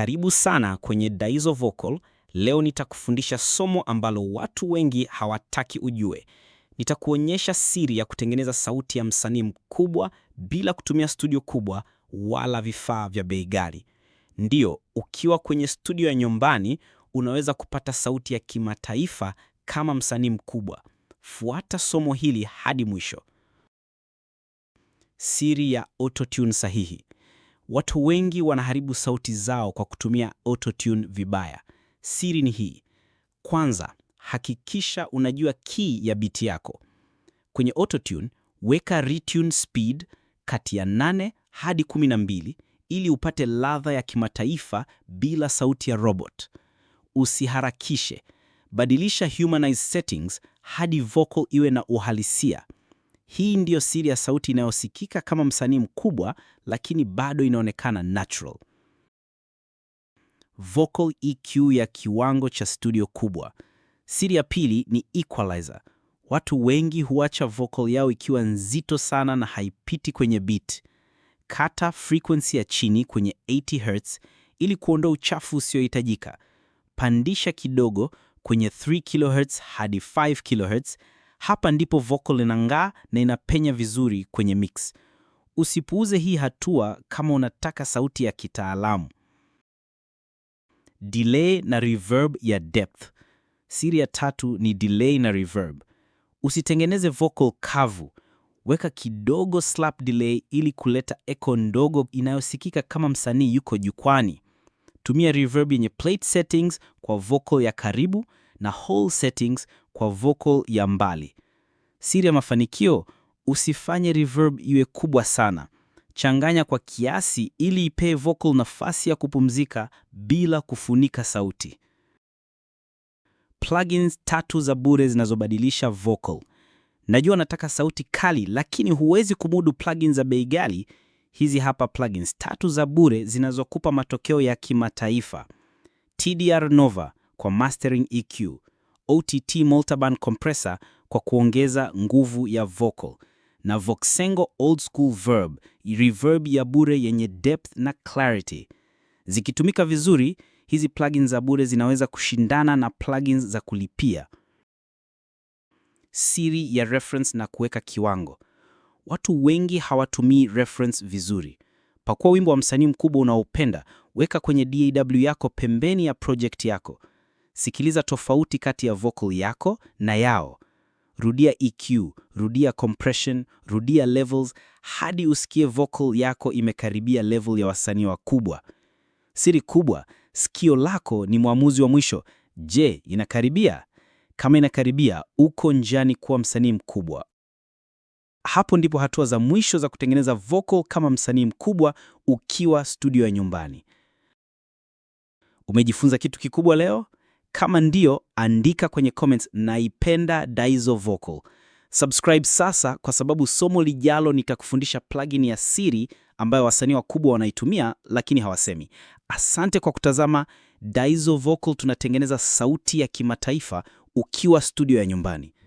Karibu sana kwenye Daizo Vocal. Leo nitakufundisha somo ambalo watu wengi hawataki ujue. Nitakuonyesha siri ya kutengeneza sauti ya msanii mkubwa bila kutumia studio kubwa wala vifaa vya bei ghali. Ndiyo, ukiwa kwenye studio ya nyumbani unaweza kupata sauti ya kimataifa kama msanii mkubwa. Fuata somo hili hadi mwisho. Siri ya autotune sahihi. Watu wengi wanaharibu sauti zao kwa kutumia autotune vibaya. Siri ni hii: kwanza, hakikisha unajua key ya biti yako. Kwenye autotune weka retune speed kati ya 8 hadi 12 ili upate ladha ya kimataifa bila sauti ya robot. Usiharakishe, badilisha humanized settings hadi vocal iwe na uhalisia. Hii ndiyo siri ya sauti inayosikika kama msanii mkubwa, lakini bado inaonekana natural. Vocal EQ ya kiwango cha studio kubwa. Siri ya pili ni equalizer. Watu wengi huacha vocal yao ikiwa nzito sana na haipiti kwenye beat. Kata frequency ya chini kwenye 80 Hz ili kuondoa uchafu usiohitajika. Pandisha kidogo kwenye 3 kHz hadi 5 kHz hapa ndipo vocal inang'aa na inapenya vizuri kwenye mix. Usipuuze hii hatua kama unataka sauti ya kitaalamu. Delay na reverb ya depth. Siri ya tatu ni delay na reverb. Usitengeneze vocal kavu, weka kidogo slap delay ili kuleta echo ndogo inayosikika kama msanii yuko jukwani. Tumia reverb yenye plate settings kwa vocal ya karibu na whole settings kwa vocal ya mbali. Siri ya mafanikio, usifanye reverb iwe kubwa sana. Changanya kwa kiasi ili ipe vocal nafasi ya kupumzika bila kufunika sauti. Plugins tatu za bure zinazobadilisha vocal. Najua nataka sauti kali, lakini huwezi kumudu plugins za bei ghali. Hizi hapa plugins tatu za bure zinazokupa matokeo ya kimataifa: TDR Nova kwa mastering EQ, OTT multiband compressor kwa kuongeza nguvu ya vocal na Voxengo old school verb, reverb ya bure yenye depth na clarity. Zikitumika vizuri, hizi plugins za bure zinaweza kushindana na plugins za kulipia. Siri ya reference na kuweka kiwango. Watu wengi hawatumii reference vizuri. Pakua wimbo wa msanii mkubwa unaopenda, weka kwenye DAW yako pembeni ya project yako. Sikiliza tofauti kati ya vocal yako na yao. Rudia EQ, rudia compression, rudia levels hadi usikie vocal yako imekaribia level ya wasanii wakubwa. Siri kubwa, sikio lako ni mwamuzi wa mwisho. Je, inakaribia? Kama inakaribia, uko njiani kuwa msanii mkubwa. Hapo ndipo hatua za mwisho za kutengeneza vocal kama msanii mkubwa ukiwa studio ya nyumbani. Umejifunza kitu kikubwa leo? Kama ndio andika kwenye comments naipenda Daizo Vocal. Subscribe sasa kwa sababu somo lijalo nitakufundisha plugin ya siri ambayo wasanii wakubwa wanaitumia lakini hawasemi. Asante kwa kutazama Daizo Vocal, tunatengeneza sauti ya kimataifa ukiwa studio ya nyumbani.